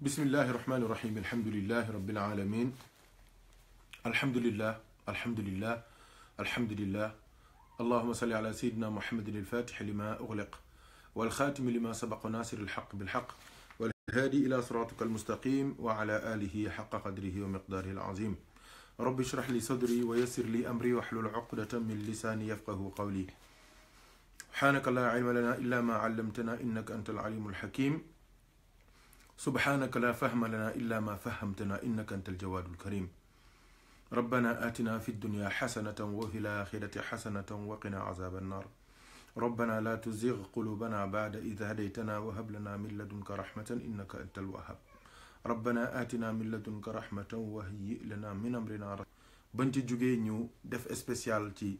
بسم الله الرحمن الرحيم الحمد لله رب العالمين الحمد لله الحمد لله الحمد لله اللهم صل على سيدنا محمد الفاتح لما أغلق والخاتم لما سبق ناصر الحق بالحق والهادي إلى صراطك المستقيم وعلى آله حق قدره ومقداره العظيم رب اشرح لي صدري ويسر لي أمري واحلل عقدة من لساني يفقه قولي سبحانك لا علم لنا إلا ما علمتنا إنك أنت العليم الحكيم سبحانك لا فهم لنا إلا ما فهمتنا إنك أنت الجواد الكريم ربنا آتنا في الدنيا حسنة وفي الآخرة حسنة وقنا عذاب النار ربنا لا تزغ قلوبنا بعد إذ هديتنا وهب لنا من لدنك رحمة إنك أنت الوهاب ربنا آتنا من لدنك رحمة وهيئ لنا من أمرنا رحمة بنتي جوجي نيو دف سبيسيال تي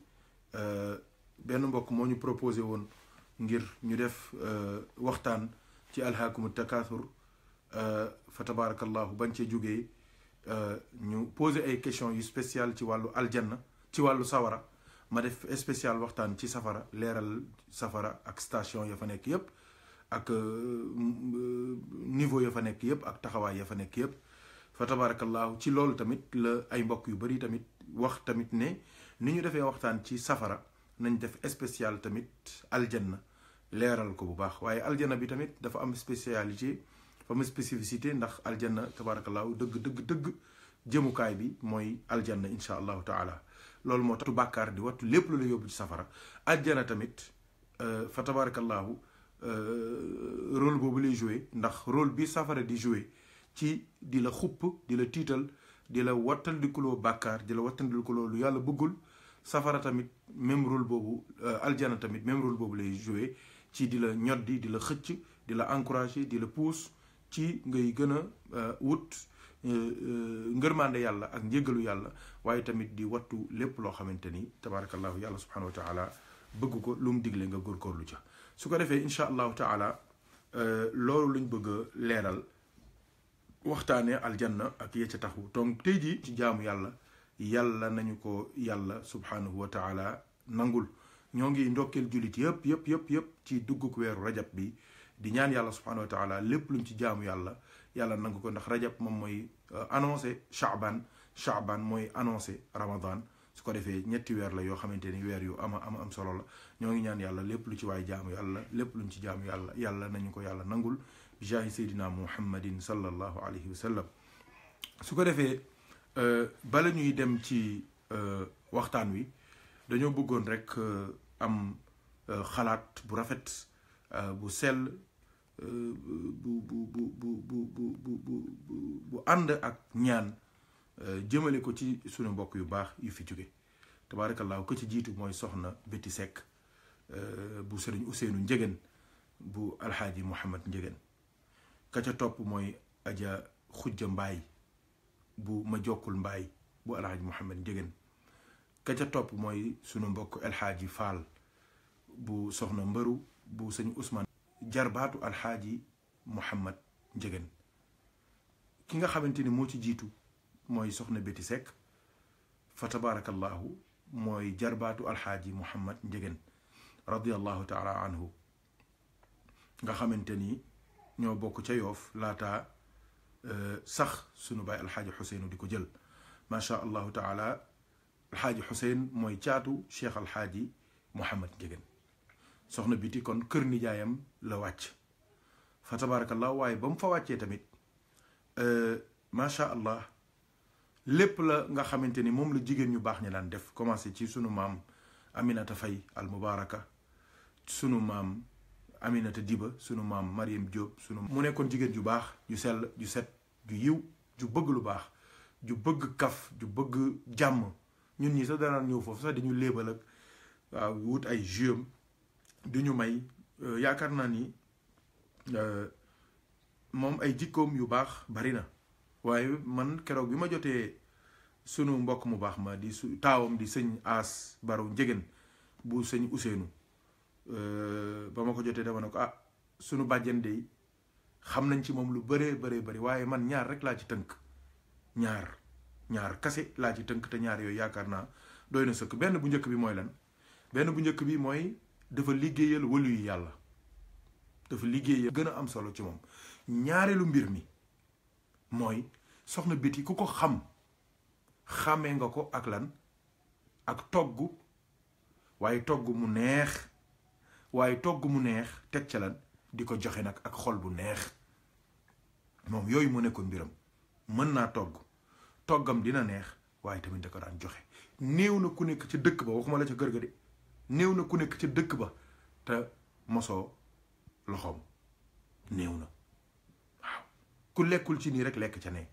آه، ben mbok moñu ñu proposé woon ngir ñu def euh waxtaan ci alhaakum takathur euh fa tabarakallah bañ ci cee euh ñu poser ay questions yu spécial ci walu aljanna ci walu sawara ma def spécial waxtaan ci safara leral safara ak station ya fa nek yépp ak niveau ya fa nek yépp ak taxaway ya fa nek yépp fa tabarakallah ci loolu tamit le ay mbok yu bari tamit wax tamit ne ni ñu defé waxtaan ci safara nañ def spécial tamit aljanna leeral ko bu baax waaye aljanna bi tamit dafa am spécialité dafa am spécificité ndax aljanna tabaarakallaahu dëgg dëgg dëgg jëmukaay bi mooy aljanna incha taala lol moo tax bàkkaar di wat lépp lu la yóbbu ci safara aljanna tamit fa tabaarakallaahu rôle boobu lay joué ndax rôle bi safara di joué ci di la xupp di la tiital di la wattandikuloo bàkkaar di la wattandikuloo lu yàlla bëggul safara tamit même rôle bobu aljana tamit même rôle bobu lay jouer ci di la ñoddi di la xëcc di la encouragé di la pousse ci ngay gëna wut ngërmande yàlla ak njéggalu yàlla waye tamit di wattu lépp lo xamanteni tabarakallah yàlla subhanahu wa taala bëgg ko lu mu digle nga gor góorgóorlu ca su ko defé inshallah taala lolu luñ bëgg léral waxtane aljanna ak ya taxu donc tayji ci jaamu yàlla yàlla nañu ko yàlla subhaanahu wa alaa nangul ñoo ngi ndokkeel jullit yëpp yëpp yëpp yëpp ci dugguk weeru rajab bi di ñaan yàlla subhaanahu wa taala lépp luñ ci jaamu yàlla yàlla nangu ko ndax rajab moom mooy euh, annoncé chaaban chaaban mooy annoncé ramadan su ko defee ñetti weer la yoo xamante ni weer yu ama ama am solo la ñoo ngi ñaan yàlla lépp lu ci waay jaamu yàlla lépp luñ ci jaamu yàlla yàlla nañu ko yàlla nangul bijaahi saydina muhammadin sallallahu alayhi wa sallam su ko defee Euh, bala ñuy dem ci euh, waxtaan wi dañoo bëggoon rek euh, am xalaat bu rafet bu sell bu bu bu bu bu bu bu ànd ak ñaan jëmale ko ci sunu mbokk yu baax yu fi jóge tabaarakallaahu ko ci jiitu mooy soxna Béti Seck bu sëriñ Ousseynou Njëgeen bu alxaaji Mouhamad Njëgeen ka ca topp mooy aja xujja mbaay bu ma jokkul mbaay bu alxaaji Mouhamed Ndiéguène ka mooy sunu mbokk alxaaji Fall bu soxna mbëru bu sëñ Ousmane jarbaatu alxaaji Mouhamed Ndiéguène ki nga xamante ni moo ci jiitu mooy soxna Béti Seck fa tabaarakallaahu mooy jarbaatu alxaaji Mouhamed Ndiéguène radiallahu taala anhu nga xamante ñoo bokk ca yoof laata Euh, sax sunu baay alxaaji xuseynu di ko jël macha allahu taala alxaaji xuseyn mooy caatu cheikh alxaaji Mouhamad Ndiéguène soxna biti kon kër nijaayam la wàcc fa tabarakallah waaye ba mu fa wàccee tamit euh, macha allah lépp la nga xamante ni moom la jigéen ñu baax ñu laan def commencé ci sunu maam Aminata Fay al Mubaraka sunu maam. Aminata Diba sunu maam Mariam Diop sunu mu nekkoon jigéen ju baax ju sell ju set ju yiw ju bëgg lu baax ju bëgg kaf ju bëgg jàmm ñun ñi sax danaan ñëw foofu sax dañu léebal ak waaw ay juem du ñu may euh, yaakaar naa ni euh, moom ay jikkoom yu baax bari na waaye man keroog bi ma jotee sunu mbokk mu baax ma di su taawam di sëñ aas baru njegéen bu sëñ useenu Euh, ba ma ko jotee dama ko ah sunu bàjjen de xam nañ ci moom lu bëree bëree bëri waaye man ñaar rek laa ci tënk ñaar ñaar kase laa ci tënk te ñaar yooyu yaakaar naa doy na sëkk benn bu njëkk bi mooy lan benn bu njëkk bi mooy dafa liggéeyal wëlu yu yàlla dafa liggéeyal gën a am solo ci moom ñaareelu mbir mi mooy soxna biti ku ko xam xàmmee nga ko ak lan ak togg waaye togg mu neex waaye togg mu neex teg ca lan di ko joxe nag ak xol bu neex moom yooyu mu nekkoon mbiram mën naa togg toggam dina neex waaye tamit da ko daan joxe néew na ku nekk ca dëkk ba waxuma la ca kër ga néew na ku nekk ca dëkk ba te mosoo loxoom néew na waaw ku lekkul ci nii rek lekk ca ne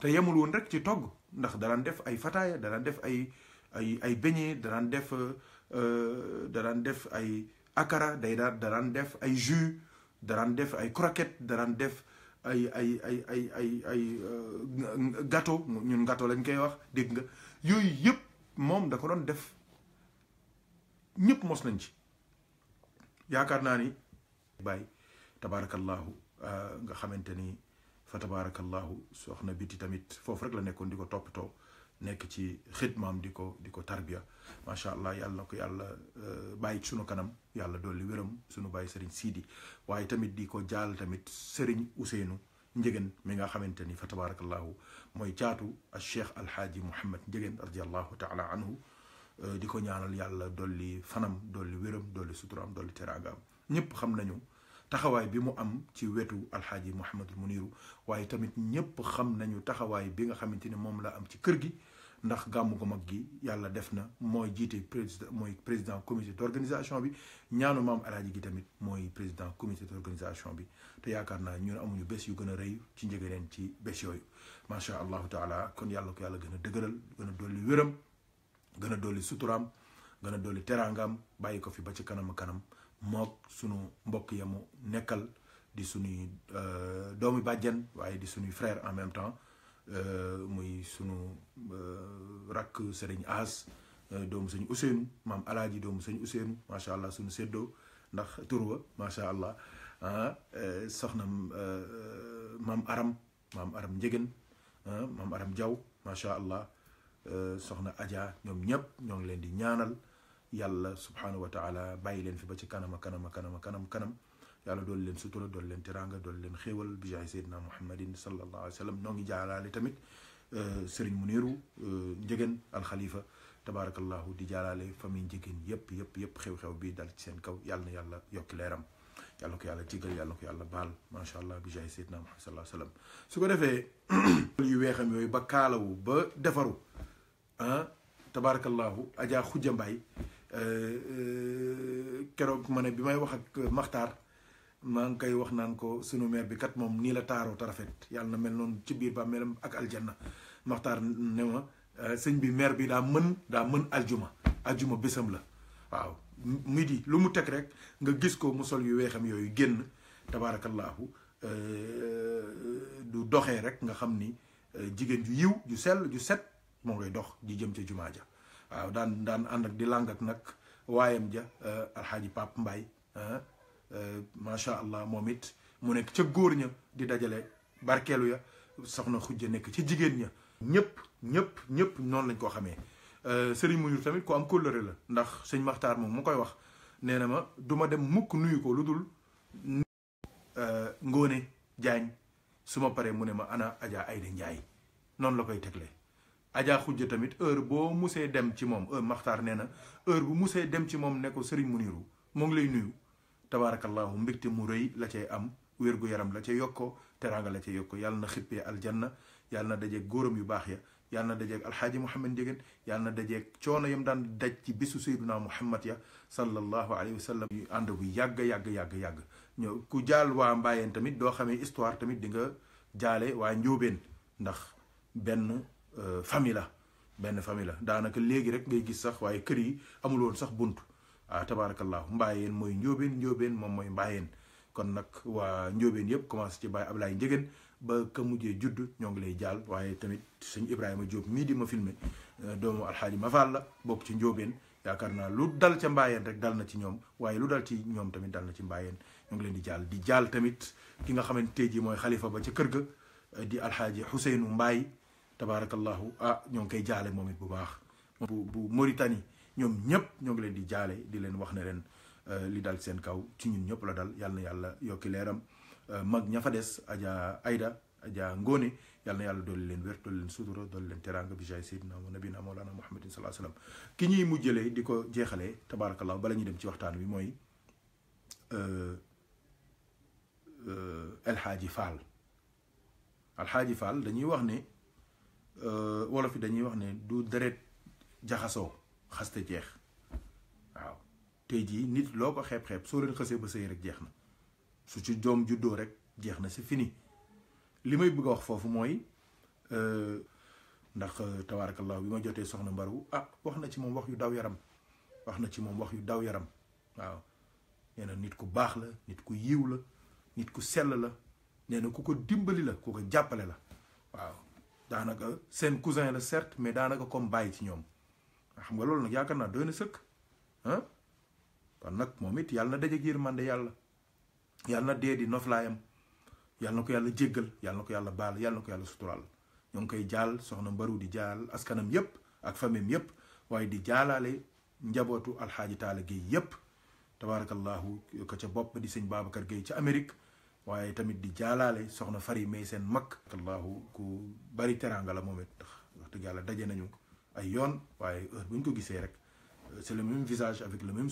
te yemul woon rek ci togg ndax danaan def ay fataaya danaan def ay ay ay beñe danaan def euh, euh, danaan def ay akara day daan daraan def ay jus daraan def ay croquette daraan def ay ay ay ay ay ay euh, gâteau ñun gâteau lañ koy wax dégg nga yooyu yëpp moom da ko doon def ñëpp mos nañ ci yaakaar naa ni bàyyi tabaarakallaahu euh, nga xamante ni fa tabaarakallaahu soxna biti tamit foofu rek la nekkoon di ko toppatoo nek ci xidmaam diko diko tarbiya ma sha allah yàlla ko yàlla baye sunu kanam yàlla doli wéram sunu baye serigne Sidi waye tamit diko ko jaal tamit serigne Ousseynou Njëgën mi nga xamanteni ni fa tabarakallahu moy caatu al sheikh al alhaaji Mouhamed Njëgën radiallahu taala anhu diko ñaanal yàlla doli fanam doli wéram doli suturam doli teragam ñëpp xam nañu taxawaay bi mu am ci wetu alxaaji Mouhamadul Muniru waaye tamit ñépp xam nañu taxawaay bi nga xamante ni moom laa am ci kër gi ndax gàmm gu mag gi yàlla def na mooy jiite président mooy président comité d'organisation bi ñaanu maam alaaji gi tamit mooy président comité d'organisation bi te yaakaar naa ñun amuñu bés yu gën a rëy ci njëgëneen ci bés yooyu macha allah taala kon yàlla ko yàlla gën a dëgëral gën a dolli wéram gën a dolli suturaam gën a dolli teraangaam bàyyi ko fi ba ci kanam kanam mook sunu mbokk yamu nekkal di suñuy euh, doomi bàjjen waaye di suñuy frère en même temps euh, muy sunu euh, rakk sëriñ As doomu sëñ Ousseynou maam alaaji doomu sëñ Ousseynou macha allah sunu séddoo ndax tur macha allah ah soxna maam Aram maam Aram Njëgën ah, maam Aram Jaw macha allah soxna Adja ñoom ñëpp ñoo ngi leen di ñaanal. yàlla subhanahu wa taala bàyyi leen fi ba ci kanama kanama kanama kanam kanam yàlla dool leen sutura dool leen teraanga dool leen xéewal bi jaay seydina muhammadin sallallahu alayhi wa sallam noo ngi jaalaale tamit sëriñ Muniru Njëgeen alxalifa tabaarakallahu di jaalaale famille Njëgeen yëpp yëpp yëpp xew-xew bi dal ci seen kaw yàlla na yàlla yokki leeram yàlla ko yàlla jéggal yàlla ko yàlla baal macha allah bi jaay seydina muhammad sallallahu alayhi wa sallam su ko defee yu weexam yooyu ba kaalawu ba defaru ah tabaarakallahu ajaa xujja mbaay Euh, euh, keroog ma ne bi may wax ak euh, Maxtaar maa ngi koy wax naan ko sunu maire bi kat moom nii la taaroo te rafet yàlla na mel noonu ci biir ba ak aljanna Maxtaar ne ma sëñ bi maire bi daa mën daa mën aljuma aljuma bésam la waaw midi lu mu teg rek nga gis ko mu sol yu weexam yooyu génn tabaarakallaahu du doxee rek nga xam ni jigéen ju yiw ju sell ju set moo ngay dox di jëm ca jumaa ja waaw daan daan ànd ak di làng nag waayam ja euh, alxaaji Pape Mbaye euh, euh, macha allah moom it mu nekk ca góor ña di dajale barkeelu ya soxna xujja nekk ci jigéen ña ñëpp ñëpp ñëpp noonu lañ ko xamee sëriñ Mounir tamit ku am kóllëre la ndax sëñ Maxtaar moom mu koy wax nee na ma du ma dem mukk nuyu ko lu dul Ngóone Jaañ su ma paree mu ne ma ana Adja aydi Njaay noonu la koy tegle Adja Xujja tamit heure boo musee dem ci moom heure Maxtaar nee na heure bu musee dem ci moom ne ko mu Muniru moo ngi lay nuyu tabaarakallahu mbégte mu rëy la cay am wér-gu-yaram la ca yokko teraanga la ca yokko yàlla na xippee aljanna yàlla na dajeeg góoram yu baax ya yàlla na dajeeg alxaaji Mouhamed Ndiéguène yàlla na dajeeg coono yam daan daj ci bésu sayduna Muhammad ya sallallahu alayhi wa sallam yu ànd bu yàgg yàgg yàgg yàgg ñoo ku jaal waa mbaayeen tamit doo xamee histoire tamit di nga jaale waa njóobeen ndax benn Euh, famille la benn famille la daanaka léegi rek ngay gis sax waaye kër yi amul sax bunt ah tabaarakallahu mbaayeen mooy njóobeen njóobeen moom mooy mbaayeen kon nag waa njóobeen yëpp commencé ci ab Ablaye Njëgeen ba ka mujjee judd ñoo ngi lay jaal waaye tamit sëñ Ibrahima Diop mii di ma filmé euh, doomu alxaaji Mafal la bokk ci njóobeen yaakaar naa lu dal ca mbaayeen rek dal na ci ñoom waaye lu dal ci ñoom tamit dal na ci mbaayeen ñoo ngi leen di jaal di jaal tamit ki nga xamante ji mooy xalifa ba ca kër ga di alxaaji Xuseynu Mbaay tabaarakallahu ah ñoo ngi koy jaale moom it bu baax bu bu Mauritanie ñoom ñëpp ñoo ngi leen di jaale di leen wax ne leen euh, li dal seen kaw ci ñun ñëpp la dal yàlla na yàlla yokki leeram euh, mag ña fa des Adja Aida Adja Ngone yàlla na yàlla dolli leen wér dolli leen sutura dolli leen teraanga bi jaay sayyidina wa nabina mawlana muhammadin salaa sallam ki ñuy mujjëlee di ko jeexalee tabaarakallahu bala ñu dem ci waxtaan bi mooy euh, El Hadji Fall El Hadji Euh, wolof yi dañuy wax ne du deret jaxasoo xaste jeex waaw tey jii nit loo ko xeeb-xeeb soo leen xasee ba sëy rek jeex na su ci doom juddoo rek jeex na c'est fini li may bëgg a wax foofu mooy euh, ndax euh, tabaarakallah bi ma jotee soxna mbaru ah wax na ci moom wax yu daw yaram wax na ci moom wax yu daw yaram waaw nee na nit ku baax la nit ku yiw la nit ku sell la nee na ku ko dimbali la ku ko jàppale la waaw daanaka seen cousin la certes mais daanaka comme bàyyi ci ñoom ah, xam nga loolu nag yaakaar naa doy na sëkk ah kon nag moom it yàlla na daje giir mande yàlla yàlla na dee di noflaayam yàlla na ko yàlla jéggal yàlla na ko yàlla baal yàlla na ko yàlla suturaal ñoo ngi koy jaal soxna mbaru di jaal askanam yépp ak famem yépp waaye di jaalaale njabootu alxaaji taala géey yépp tabaarakallahu ko ca bopp di sëñ Babacar Gueye ca Amérique waaye tamit di jaalaale soxna far yi may seen mag allahu ku bari teraanga la moom it ndax wax dëgg yàlla daje nañu ay yoon waaye heure bu ñu ko gisee rek c'est le même visage avec le même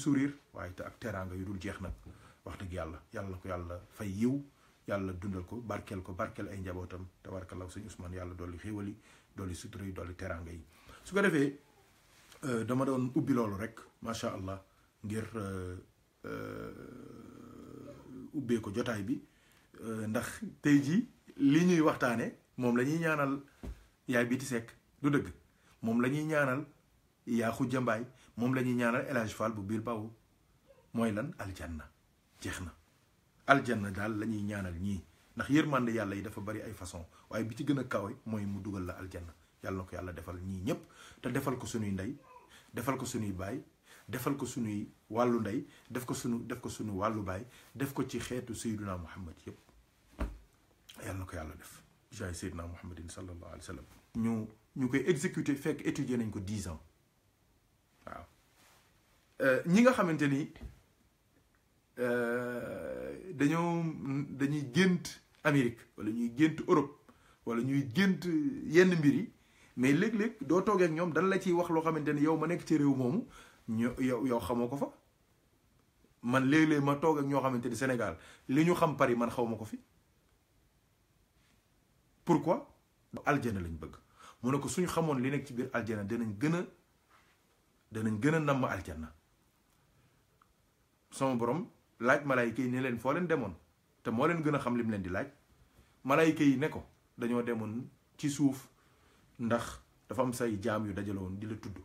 waaye te ak teraanga yu dul jeex nag wax dëgg yàlla yàlla ko yàlla fay yiw yàlla dundal ko barkeel ko barkeel ay njabootam te tabarkalaaw sëñ Ousmane yàlla dool dolli xéewal yi dolli sutura yi dolli teraanga yi su ko defee euh, dama doon ubbi loolu rek macha allah ngir euh, euh, ko jotaay bi Euh, ndax tey jii li ñuy waxtaane moom la ñuy ñaanal yaay Biti Seck du dëgg moom la ñuy ñaanal yaa Khoudia moom la ñuy ñaanal El Hadj bu biir baw mooy lan aljanna jeex na aljanna daal la ñuy ñaanal ñii ndax yërmande yàlla yi dafa bari ay façon waaye bi ci gën a kawe mooy mu dugal la aljanna yàlla ko yàlla defal ñii ñëpp te defal ko suñuy ndey defal ko suñuy baay defal ko suñuy wàllu ndey def ko suñu def ko suñu wàllu baay def ko ci xeetu sayduna muhammad yëpp yàlla ko yàlla def jaay Seydina Muhammadin sallallahu alayhi wa sallam ñu ñu koy exécuté fekk étudier nañ ko dix ans waaw euh, ñi nga xamante ni euh, dañoo dañuy gént Amérique walla ñuy gént Europe wala ñuy gént yenn mbir yi mais léeg-léeg doo toogee ñoom dan la ciy wax loo xamante ni yow ma nekk ci réew moomu ñu yow yow xamoo ko fa man léeg-léeg ma toog ak ñoo xamante ni Sénégal li ñu xam Paris man xaw ma ko fi pourquoi aljana lañ bëgg mu ne ko suñu xamoon li nekk ci biir aljana danañ gën a danañ gën a namm aljana sama boroom laaj malayka yi ne leen foo leen demoon te moo leen gën a xam lim leen di laaj malayka yi ne ko dañoo demoon ci suuf ndax dafa am say jaam yu dajaloon di la tudd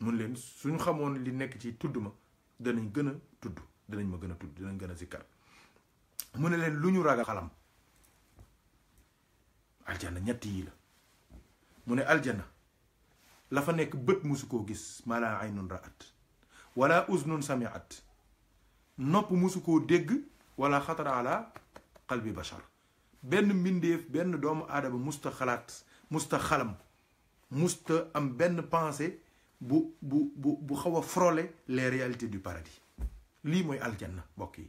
mun leen suñu xamoon li nekk ci tudd ma danañ gën a tudd danañ ma gën a tudd danañ gën a sikkar mu ne leen lu ñu ragal xalam aljana ñett yi la mu ne aljana la fa nekk bët musu koo gis ma laa aynun ra'at wala uznun at nopp musu koo dégg walla xatara ala qalbi bashar benn mbindeef benn doomu aadama musta xalaat musta xalam musta am benn pensée bu bu bu bu xaw a frôler les réalités du paradis lii mooy aljanna mbokk yi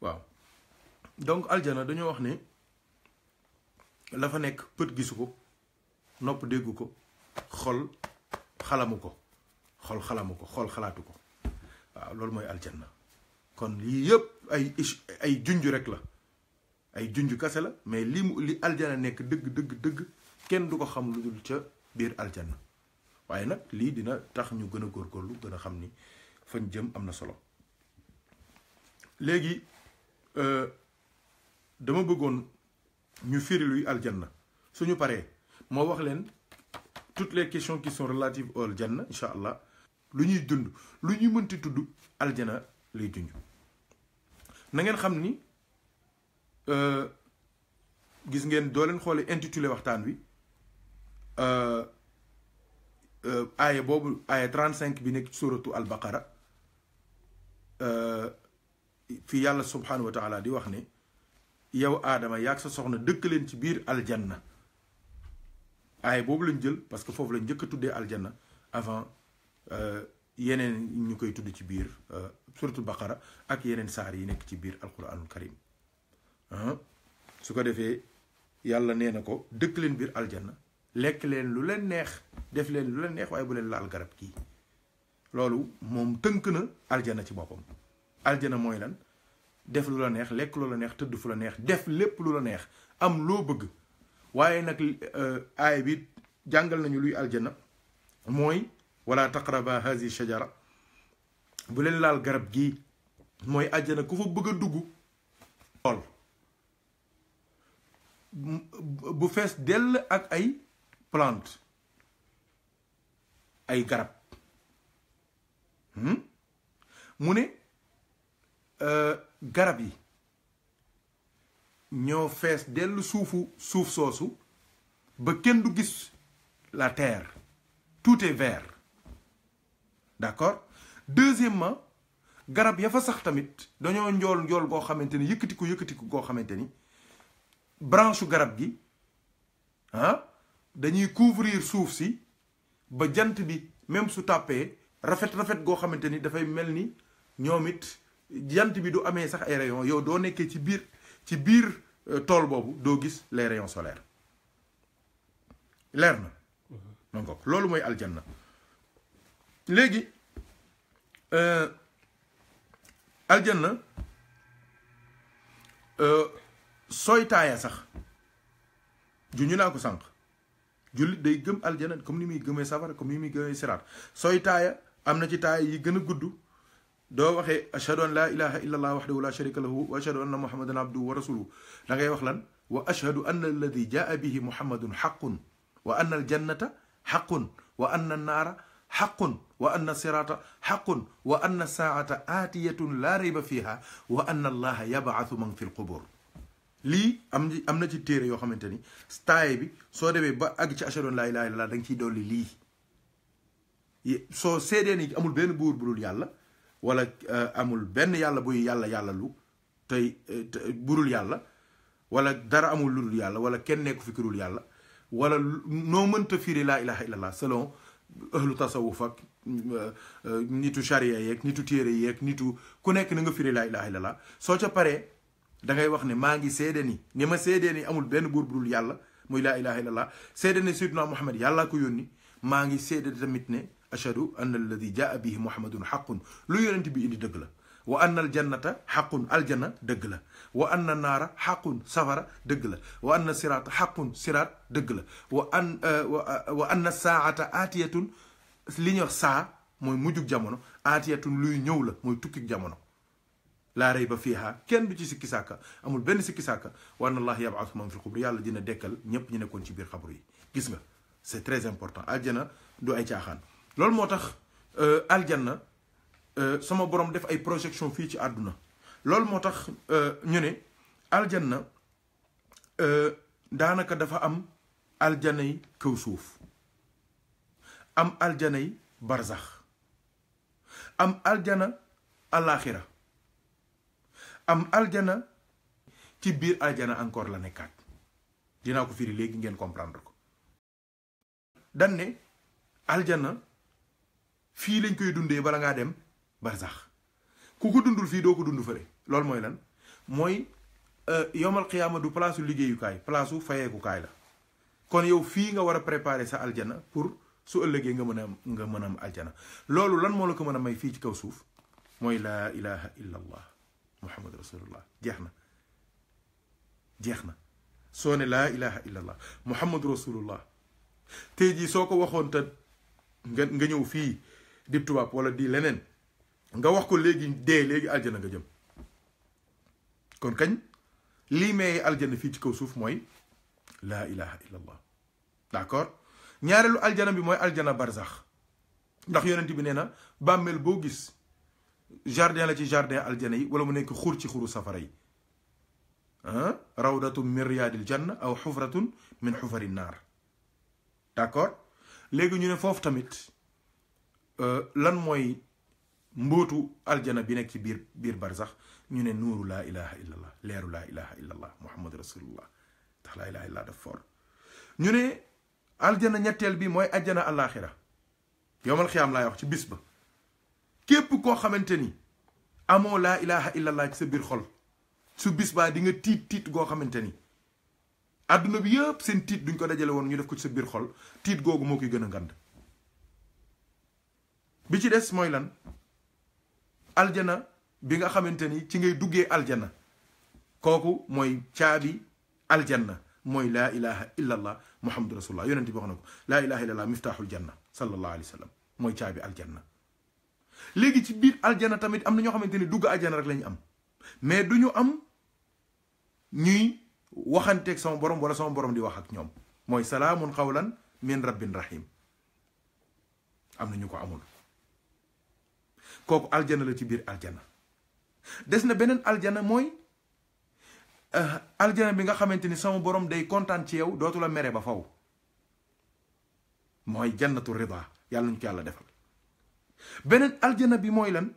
waaw donc aljana dañoo wax ne la fa nekk pët gisu ko nopp déggu ko xol xalamu ko xol xalamu ko xol xalaatu ko waaw loolu mooy aljanna kon lii yëpp ay ay junj rek la ay junj kase la mais li mu li aljana nekk dëgg dëgg dëgg kenn du ko xam lu dul ca biir aljanna waaye nag lii dina tax ñu gën a góorgóorlu gën a xam ni fañ jëm am na solo léegi euh, dama bëggoon ñu firi luy aljanna suñu paree vous wax leen toutes les questions qui sont relatives au aljanna dund aljana lay dund na ngeen xam ni euh, gis ngeen doo leen xoolee intitulé waxtaan wi 35 euh, euh, bi suratu al baqara fi subhanahu wa taala di yow aadama yaag sa soxna dëkk leen ci biir aljanna aay boobu lañ jël parce que foofu lañ njëkk a tuddee aljanna avant euh, yeneen ñu koy tudd ci biir euh, surtout baqara ak yeneen saar yi nekk ci biir alquranul karim su ko defee yàlla nee na ko dëkk leen biir aljanna lekk leen lu leen neex def leen lu leen neex waaye bu leen laal garab kii loolu moom tënk na aljana ci boppam aljana mooy lan def lu la neex lekk lu la neex tëdd fu la neex def lépp lu la neex am loo bëgg waaye nag euh, aay bi jàngal nañu luy aljana mooy wala taqraba hazi shajara bu leen laal garab gi mooy aljana ku fa bëgg a dugg xool bu fees dell ak ay plant ay garab hmm? mu ne Euh, garab yi ñoo fees dellu suufu suuf soosu ba kenn du gis la terre tout est vert d'accord deuxièmement garab ya fa sax tamit dañoo njool njool goo xamante ni yëkkatiku yëkkatiku goo xamante ni branche garab gi ah dañuy couvrir suuf si ba jant bi même su tàppee rafet rafet goo xamante ni dafay mel ni ñoom it jant bi du amee sax ay rayon yow doo nekkee ci biir ci biir euh, tool boobu doo gis les rayon solaires leer na donc mhm. loolu mooy aljanna léegi euh, aljanna euh, sooy taaya sax juñu naa ko sanq jullit day gëm aljana comme ni muy gëmee safara comme ni muy gëmee siraat sooy taaya am na ci taaya yi gën a gudd doo waxee ashhadu an laa ilaha illa allah waxdahu la sharika lahu wa ashhadu anna muhammadan abduhu wa rasuluhu da ngay wax lan wa ashhadu anna alladi jaa bihi muhammadun xaqun wa anna aljannata xaqun wa anna annaara xaqun wa anna siraata xaqun wa anna saacata aatiyatun laa rayba fiiha wa anna allaha yabaasu man fi lqubur lii am am na ci téere yoo xamante ni staye bi soo demee ba àgg ci ashhadu an laa ilaha illa allah da nga ciy dolli lii soo seedee ni amul benn buur bu dul yàlla wala amul ben yàlla buy yàlla yàlla lu tey burul yàlla wala dara amul lu yàlla wala kenn nekku fi kirul yàlla wala noo mënta firi laa ilaha illallah selon ahlu tasawuf ak nitu charia yeeg nitu téere yek nitu ku nekk na nga firi laa ilaha illallah soo ca paree da ngay wax ne maa ngi ni ni ma seede amul benn buur burul yàlla muy laa ilaha illallah seede ne Muhammad yalla ko yónni maa ngi tamit ne أشهد أن الذي جاء به محمد حق لو يرنتي بي اندي دغلا وأن الجنة حق الجنة دغلا وأن النار حق سفر دغلا وأن الصراط حق صراط دغلا وأن آه، آه، وأن الساعة آتية لي نيوخ ساعة موي موجوك جامونو آتية لوي نيو لا موي توكيك جامونو لا ريب فيها كين بي سيكي ساكا امول بن سيكي ساكا وان الله يبعث من في القبر يالا دينا ديكال نيب ني نكون سي بير خبر يي غيسغا سي تري امبورطون الجنة دو اي loolu moo tax euh, aljanna euh, sama borom def ay projection fii ci àdduna loolu moo tax euh, ñu ne aljanna daanaka dafa am aljana yi kaw suuf am aljana aljanay barzax am aljana alaxira am aljana ci biir aljana encore la nekkaat dinaa ko firi léegi ngeen comprendre ko dan aljana fii lañ koy dundee bala ngaa dem barsax ku ko dundul fii doo ko dund fële loolu mooy lan mooy yomal xiyaama du place su liggéeyukaay place su fayeekukaay la kon yow fii nga war a préparer sa aljana pour su ëllëgee nga mën a am nga mën a am aljana loolu lan moo la ko mën a may fii ci kaw suuf mooy laa ilaha illa allah muhammad rasulullah jeex na jeex na soo ne laa ilaha illa allah muhammad rasulullah tey jii soo ko waxoon te nga nga ñëw fii dib tubaab wala di leneen nga wax ko léegi dee léegi aljana nga jëm kon kañ li meey aljana fii ci kaw suuf mooy la ilaha illallah d'accord ñaareelu aljana bi mooy aljana barzax ndax yonent bi nee na bàmmeel boo gis jardin la ci jardin aljana yi wala mu nekk xur ci xuru safara yi rawdatun min riyadil janna aw xufratun min xufari naar d'accord léegi ñu ne foofu tamit lan mooy mbóotu aljana bi nekk ci biir biir barsax ñu ne nuuru laa ilaha illallah leeru laa ilaha illallah muhammad rasulullah tax laa ilaha illallah daf for ñu ne aljana ñetteel bi mooy aljana alaxira yowmal xiyaam laay wax ci bis ba képp koo xamante ni amoo laa ilaha illallah ci sa biir xol su bis baa di nga tiit tiit goo xamante ni adduna bi yëpp seen tiit duñ ko dajale woon ñu def ko ci sa biir xol tiit googu moo koy gën a ngand bi ci des lan aljana bi nga xamanteni ci ngay duggé aljana koku moy tiabi aljana moy la ilaha illa allah muhammadu rasulullah yonent bi wax la ilaha illa allah miftahul janna sallallahu alayhi wasallam moy tiabi aljana legi ci bir aljana tamit am na ñoo dugg aljana rek lañ am mais duñu am ñuy ak sama borom wala sama borom di wax ak ñom moy salamun qawlan min rabbin rahim amna ñuko amul kooku aljana la ci biir aljana des na beneen aljana mooy euh, aljana bi nga xamante ni sama borom day kontaan ci yow dootu la mere ba faw mooy jannatu rida yàlla ñu ko yàlla defal beneen aljana bi mooy lan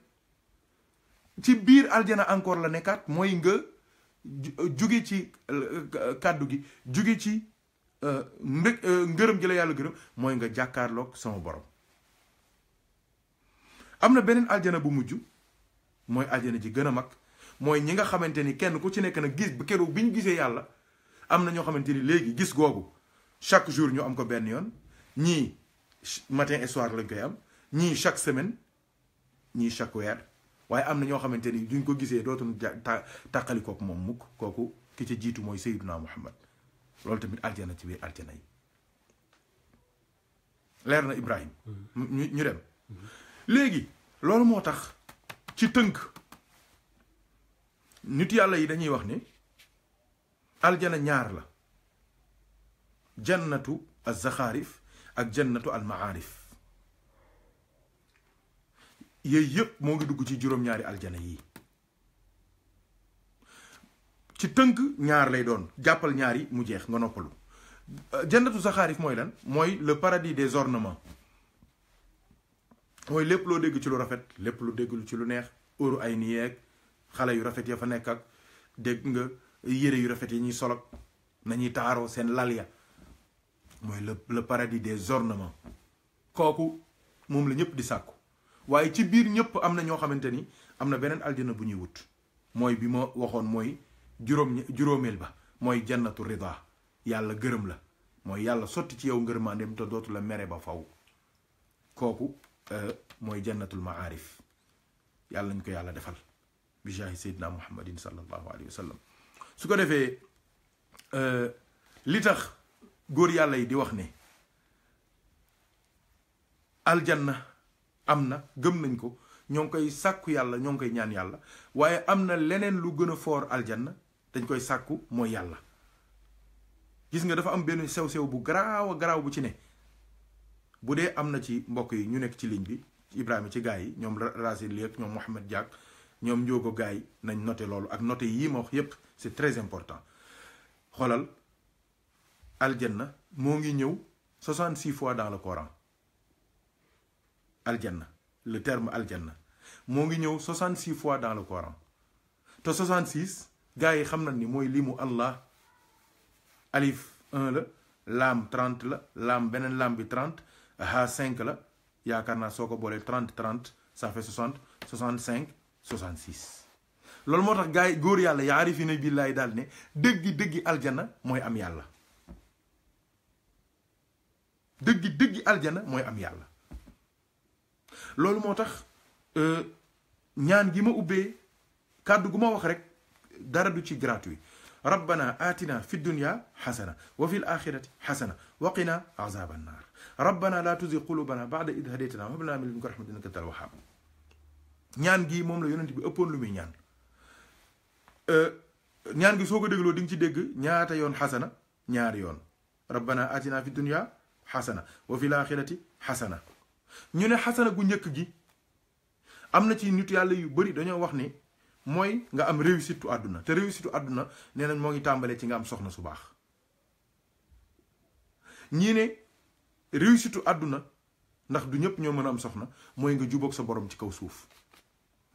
ci biir aljana encore la nekkaat mooy nga euh, juge ci euh, kàddu gi juge ci ngërëm ji la yàlla gërëm mooy nga jàkkaarlook sama borom am na beneen aljana bu mujj mooy aljana ji gën a mag mooy ñi nga xamante ni kenn ku ci nekk na gis bu keroog bi ñu gisee yàlla am na ñoo xamante ni léegi gis googu chaque jour ñu am ko benn yoon ñii matin et soir lañ koy am ñii chaque semaine ñii chaque weer waaye am na ñoo xamante ni duñ ko gisee dootuñu ja tàqali kook moom mukk kooku ki ci jiitu mooy Seydunaa Muhammad loolu tamit aljana ci biir aljana yi leer na Ibrahim mm-hmm. ñu dem mm-hmm. léegi loolu moo tax ci tënk nit yàlla yi dañuy wax ni aljana ñaar la jannatu az-zaxaarif ak jannatu al-maarif yooyu yëpp moo ngi dugg ci juróom-ñaari aljana yi ci tënk ñaar lay doon jàppal ñaari mu jeex nga noppalu jannatu zaxaarif mooy lan mooy le paradis des ornements mooy lépp loo dégg ci lu rafet lépp lu dégg ci lu neex óoru ay ni yeeg xale yu rafet ya fa nekk ak dégg nga yére yu rafet ya ñuy solog nañuy taaroo seen lal ya mooy le le paradis des ornements kooku moom la ñëpp di sàkku waaye ci biir ñëpp am na ñoo xamante ni am na beneen aljana bu ñuy wut mooy bi ma waxoon mooy juróom juróomeel ba mooy jannatu rida yàlla gërëm la mooy yàlla sotti ci yow ngërmaandeem te dootu la mere ba faw kooku Euh, mooy jannatul maarif yàlla nañ ko yàlla defal bi jaahi sayyidina muhammadin sallallahu alayhi wa sallam su ko defee euh, li tax góor yàlla yi di wax ne aljanna am na gëm nañ ko ñoo koy sàkku yàlla ñoo ngi koy ñaan yàlla waaye am na leneen lu gën a foor aljana dañ koy sàkku mooy yàlla gis nga dafa am benn sew-sew bu garaawa a garaaw bu ci ne budé amna ci mbokk yi ñu nekk ci ligne bi Ibrahima ci gaay yi ñoom Razil Liek ñoom Mouhamed Diak ñoom Ndiogo gaay nañ noté loolu ak noté yi ma wax yépp c'est très important xoolal aljanna moo ngi ñëw 66 fois dans le Coran aljanna le terme aljanna moo ngi ñëw 66 fois dans le Coran te 66 gaay yi xam nañ ni mooy limu Allah alif 1 la lam 30 la lam benen lam bi 30 H5 la yakarna soko bolé 30 30 ça fait 60 65 66. lol motax gay gor yi góor yàlla yaarifina billaay daal ne deug dëggi aljana moy am yàlla deug deug aljana moy am yàlla lol motax euh ñaan gi ma ubbé kàddu guma wax rek dara du ci gratuit ربنا آتنا في الدنيا حسنة وفي الآخرة حسنة وقنا عذاب النار rabbana laa tuzi qulubana baada id hadaytana wa hab lana min ladunka rahmatan innaka antal wahhab ñaan gi moom la yonent bi ëppoon lu muy ñaan euh, ñaan gi soo ko dégloo di nga ci dégg ñaata yoon xasana ñaari yoon rabbana atina fi dunya xasana wa fi laaxirati xasana ñu ne xasana gu njëkk gi am na ci nit yàlla yu bari dañoo wax ni mooy nga am réussite tu àdduna te réussite tu àdduna nee nañ moo ngi tàmbalee ci nga am soxna su baax ñii ne réussite aduna ndax du ñep ñoo mëna am soxna moy nga jubok sa borom ci kaw suuf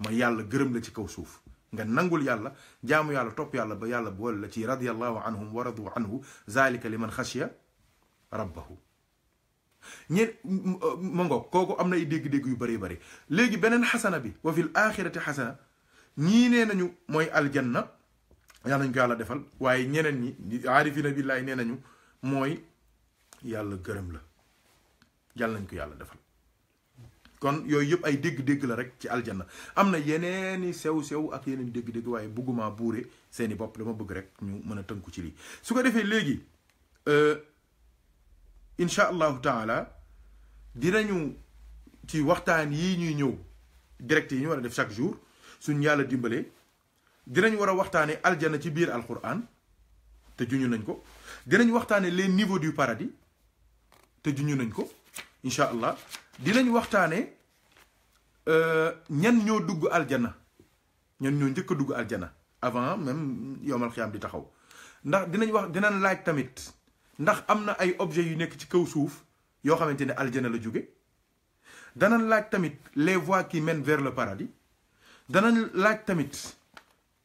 ma yàlla gërëm la ci kaw suuf nga nangul yàlla jaamu yàlla top yàlla ba yàlla boole la ci radiyallahu anhum wa radu anhu zalika liman khashiya rabbahu ñe mo ngoog koku amna ay deg deg yu bari bari legi benen hasana bi wa fil akhirati hasana ñi nee moy aljanna yàlla nañ ko yàlla defal waye ñeneen ñi arifina billahi nee moy yàlla gërëm la yàlla nañ ko yàlla defal kon yooyu yëpp ay dégg-dégg la rek ci aljana am na yeneeni sew-sew ak yeneen dégg-dégg waaye bëgguma buure seeni bopp dama bëgg rek ñu mën a tënku ci lii su ko defee léegi euh, incha allahu taala dinañu ci waxtaan yi ñuy ñëw direct yi ñu war a def chaque jour suñ yàlla dimbalee dinañ war a waxtaanee aljana ci biir alquran te juñu nañ ko dinañ waxtaane les niveaux du paradis te juñu nañ ko incha allah dinañ waxtaanee euh, ñan ñoo dugg aljana ñan ñoo njëkk a dugg aljana avant même yowmal xiyaam di taxaw ndax dinañ wax dinañ laaj tamit ndax am na ay objets yu nekk ci kaw suuf yoo xamante ne aljana la jóge danañ laaj tamit les voies qui mènent vers le paradis danañ laaj tamit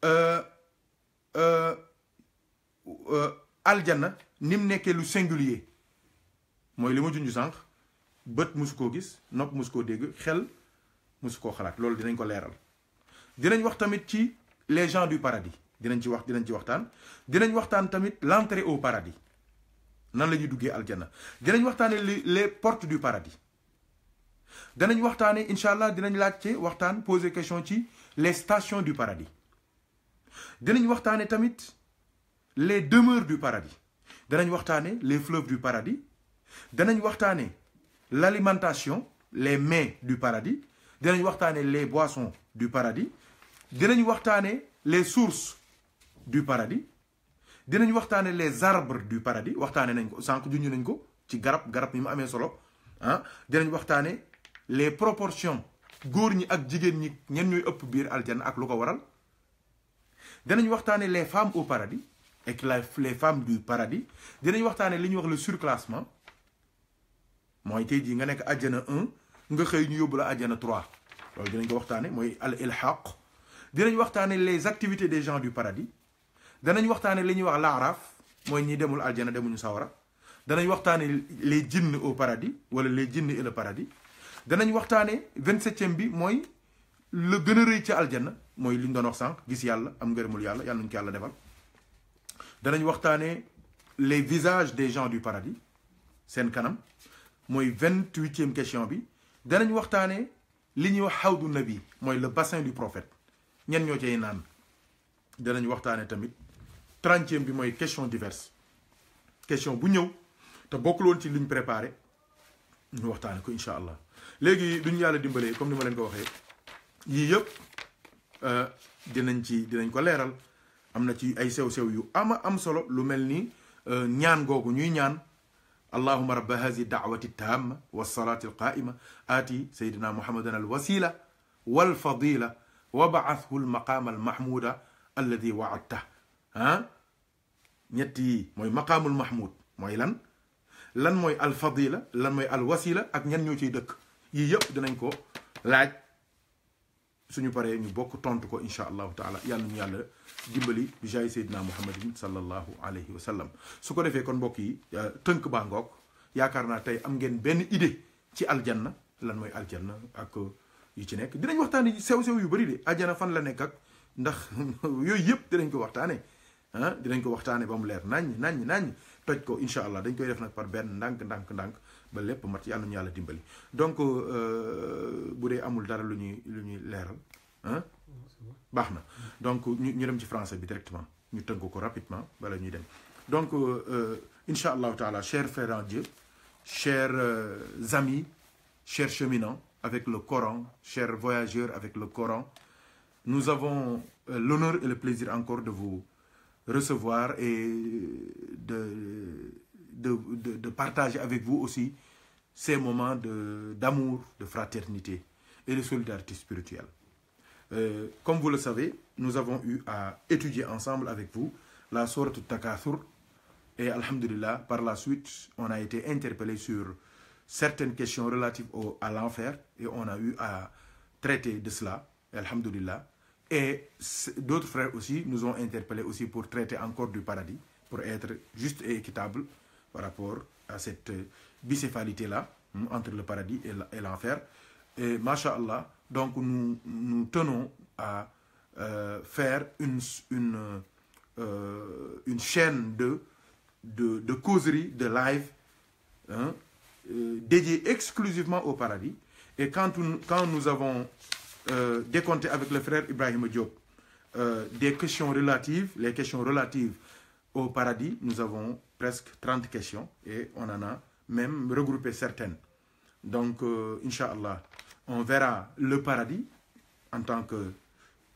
euh, euh, aljana ni mu nekkee lu singulier mooy li ma junj sànq. bët musuko gis nopp musuko koo dégg xel musuko koo xalaat loolu dinañ ko leeral dinañ wax tamit ci les gens du paradis dinañ ci wax dinañ ci waxtaan dinañ waxtaan tamit l'entrée au paradis nan la ñuy duggee aljana dinañ waxtaane les portes du paradis danañ waxtaane inshallah dinañ laajte waxtaan poser question ci les stations du paradis dinañ waxtaane tamit les demeures du paradis danañ waxtaane les fleuves du paradis danañ waxtaane l'alimentation les mets du paradis dinañ waxtaane les boissons du paradis dinañ waxtaane les sources du paradis dinañ waxtaane les arbres du paradis waxtaane nañ ko sànq junj nañ ko ci garap garap yi mu solo dernier ah. dinañ les proportions Gourni ak jigéen ñi ñen ñuy upp biir aljana ak lu ko waral dinañ waxtane les femmes au paradis et les femmes du paradis dinañ waxtane liñ wax le surclassement mooy tey nga nek àjjana un nga xey ñu la 3 les ko waxtane moy al ilhaq dinañ les activités des gens du paradis wax laraf moy ñi demul aljana demuñu sawara waxtane les djinns au paradis wala les djinns et le paradis les waxtane du paradis, bi moy le du a aljana doon wax sank gis yalla am ngeerumul yalla yalla ñu ko yalla defal waxtane les visages des gens du paradis seen kanam mooy vingt huitième question bi dañu waxtane liñu ñuy wax xawdu nabi moy le bassin du prophète ñen ñoo cey naan dañu waxtane tamit 30e bi moy question diverse question bu ñew te bokku won ci liñu préparer ñu waxtane ko inshallah légui duñu yàlla dimbalé comme ni ma leen ko waxé yi yii euh dinañ ci dinañ ko léral amna ci ay sew-sew yu ama am solo lu melni ni euh, ñaan googu ñuy ñaan اللهم رب هذه الدعوة التامة والصلاة القائمة آتي سيدنا محمد الوسيلة والفضيلة وبعثه المقام المحمود الذي وعدته ها نيتي موي مقام المحمود موي لان لان موي الفضيلة لان موي الوسيلة اك نيان نيو سي دك يي ييب دنانكو لاج suñu paree ñu bokk tontu ko insha allahu taala yàlla ñu yàlla dimbali jaay sayidina muhammadin salallahu alayhi wa sallam su ko defee kon mbokk yi euh, tënk baa ngoog yaakaar naa tey am ngeen benn idée ci aljanna lan mooy aljanna ak euh, yu ci nekk dinañ waxtaane sew sew yu bari de aljana fan la nekk ak ndax yooyu yépp dinañ ko waxtaane hein dinañ ko waxtane bam mu leer naññ naññ naññ toj ko inshallah allah dañ koy def nak par ben ndank ndank ndank ba lépp mat yàlla ñu yàlla dimbali donc euh boudé amul dara luñuy luñuy lu hein ah, baxna donc ñu dem ci français bi directement ñu teug ko rapidement bala ñuy dem donc euh, euh inshallah taala cher frère en Dieu chers euh, amis chers cheminants avec le Coran chers voyageurs avec le Coran nous avons euh, l'honneur et le plaisir encore de vous recevoir et de, de, de, partager avec vous aussi ces moments d'amour, de, fraternité et de solidarité spirituelle. Euh, comme vous le savez, nous avons eu à étudier ensemble avec vous la sorte Takathur et Alhamdulillah, par la suite, on a été interpellé sur certaines questions relatives au, à l'enfer et on a eu à traiter de cela, Alhamdulillah. Et d'autres frères aussi nous ont interpellés aussi pour traiter encore du paradis, pour être juste et équitable par rapport à cette bicéphalité-là, hmm, entre le paradis et l'enfer. Et Masha'Allah, donc nous, nous tenons à euh, faire une, une, euh, une chaîne de, de, de, causerie, de live, hein, euh, dédiée exclusivement au paradis. Et quand, quand nous avons euh, avec le frère Ibrahim Diop euh, des questions relatives, les questions relatives au paradis. Nous avons presque 30 questions et on en a même regroupé certaines. Donc, euh, Inch'Allah, on verra le paradis en tant que, euh,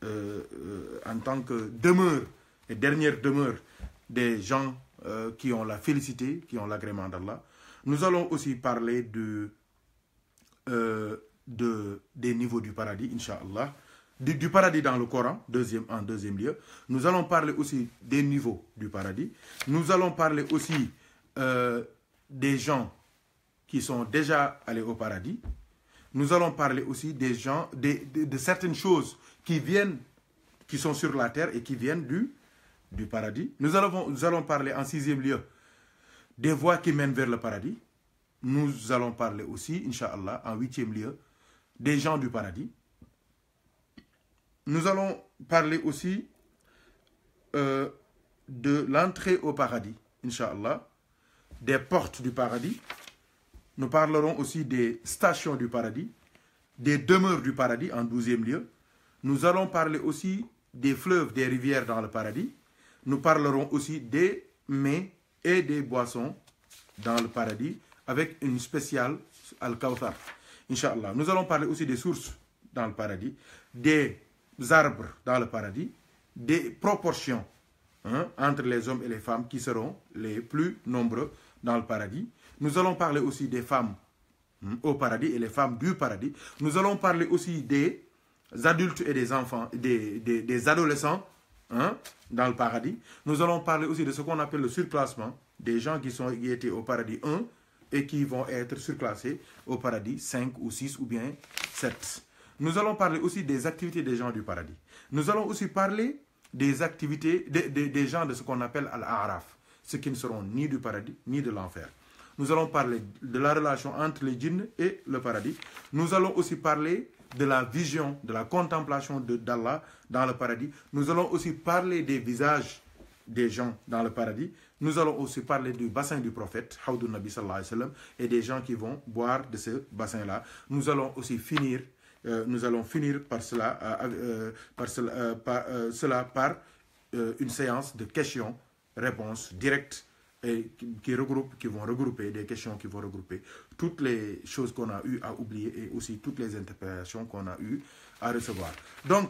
euh, en tant que demeure et dernière demeure des gens qui ont la félicité, qui ont l'agrément d'Allah. Nous allons aussi parler de de, des niveaux du paradis, Inch'Allah. Du, paradis dans le Coran, deuxième, en deuxième lieu. Nous allons parler aussi des niveaux du paradis. Nous allons parler aussi euh, des gens qui sont déjà allés au paradis. Nous allons parler aussi des gens, de, certaines choses qui viennent, qui sont sur la terre et qui viennent du, du paradis. Nous allons, nous allons parler en sixième lieu des voies qui mènent vers le paradis. Nous allons parler aussi, Inch'Allah, en huitième lieu, des gens du paradis. Nous allons parler aussi euh, de l'entrée au paradis, Inch'Allah, des portes du paradis. Nous parlerons aussi des stations du paradis, des demeures du paradis en douzième lieu. Nous allons parler aussi des fleuves, des rivières dans le paradis. Nous parlerons aussi des mets et des boissons dans le paradis avec une spéciale Al-Kawthar. Inch'Allah. Nous allons parler aussi des sources dans le paradis, des arbres dans le paradis, des proportions hein, entre les hommes et les femmes qui seront les plus nombreux dans le paradis. Nous allons parler aussi des femmes hein, au paradis et les femmes du paradis. Nous allons parler aussi des adultes et des enfants, des, adolescents hein, dans le paradis. Nous allons parler aussi de ce qu'on appelle le surclassement, des gens qui, sont, qui étaient au paradis 1, et qui vont être surclassés au paradis, 5 ou 6 ou bien 7. Nous allons parler aussi des activités des gens du paradis. Nous allons aussi parler des activités des, gens de ce qu'on appelle Al-A'raf, ceux qui ne seront ni du paradis ni de l'enfer. Nous allons parler de la relation entre les djinns et le paradis. Nous allons aussi parler de la vision, de la contemplation d'Allah dans le paradis. Nous allons aussi parler des visages des gens dans le paradis. Nous allons aussi parler du bassin du prophète, Haudun Nabi sallallahu alayhi et des gens qui vont boire de ce bassin-là. Nous allons aussi finir, euh, nous allons finir par cela, euh, euh, par cela, cela, par une séance de questions-réponses directes qui, qui vont regrouper des questions qui vont regrouper toutes les choses qu'on a eu à oublier et aussi toutes les interprétations qu'on a eu à recevoir. Donc,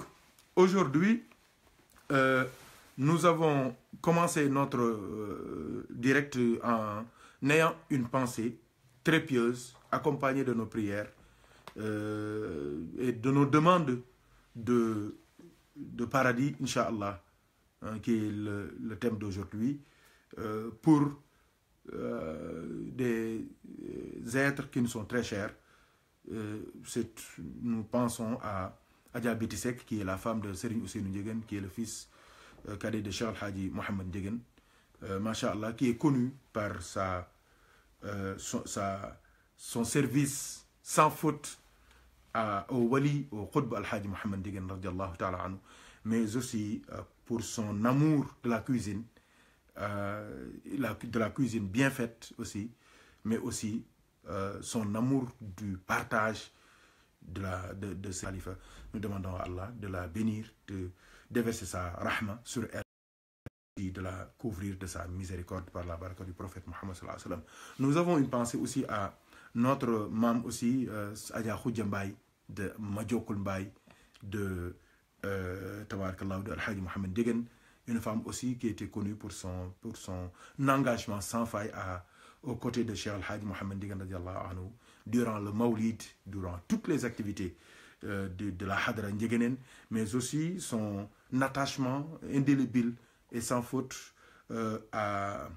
aujourd'hui, nous avons commencé notre euh, direct en ayant une pensée très pieuse, accompagnée de nos prières euh, et de nos demandes de, paradis, Inch'Allah, hein, qui est le, thème d'aujourd'hui, euh, pour des êtres qui nous sont très chers. nous pensons à Adja Bétisek, qui est la femme de Serine Ousseinou qui est le fils euh, cadet de Charles Hadji Mohamed Degen, euh, Masha'Allah, qui est connu par sa, euh, son, service sans faute au Wali, au Qutb al-Hadji Mohamed Degen, ta'ala mais aussi pour son amour de la cuisine, de la cuisine bien faite aussi, mais aussi son amour du partage de, la, de, Nous demandons à Allah de la bénir, de, déverser sa rahma sur elle et de la couvrir de sa miséricorde par la baraka du prophète Mohammed alayhi Nous avons une pensée aussi à notre mam aussi, euh, Adja de Majokulmbaye, de Tawar euh, Tabarakallah, de al hadi Mohamed Degen, une femme aussi qui était connue pour son, pour son engagement sans faille à, aux côtés de Cheikh al hadi Mohamed Degen, durant le Maulid, durant toutes les activités euh, de, la Hadra Ndjegenen, mais aussi son attachement indélébile et sans faute euh, à,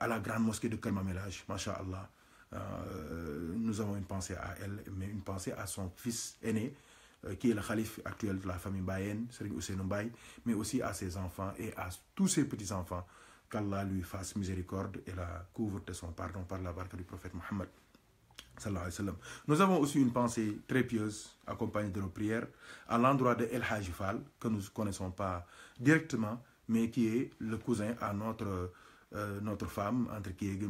la grande mosquée de Kermamelage, Masha'Allah. Euh, nous avons une pensée à elle, mais une pensée à son fils aîné, qui est le calife actuel de la famille Bayen, Sering Ousseinou mais aussi à ses enfants et à tous ses petits-enfants. Qu'Allah lui fasse miséricorde et la couvre de son pardon par la barque du prophète Mohammed. Nous avons aussi une pensée très pieuse, accompagnée de nos prières, à l'endroit de El Hajifal, que nous ne connaissons pas directement, mais qui est le cousin à notre, euh, notre femme, entre qui est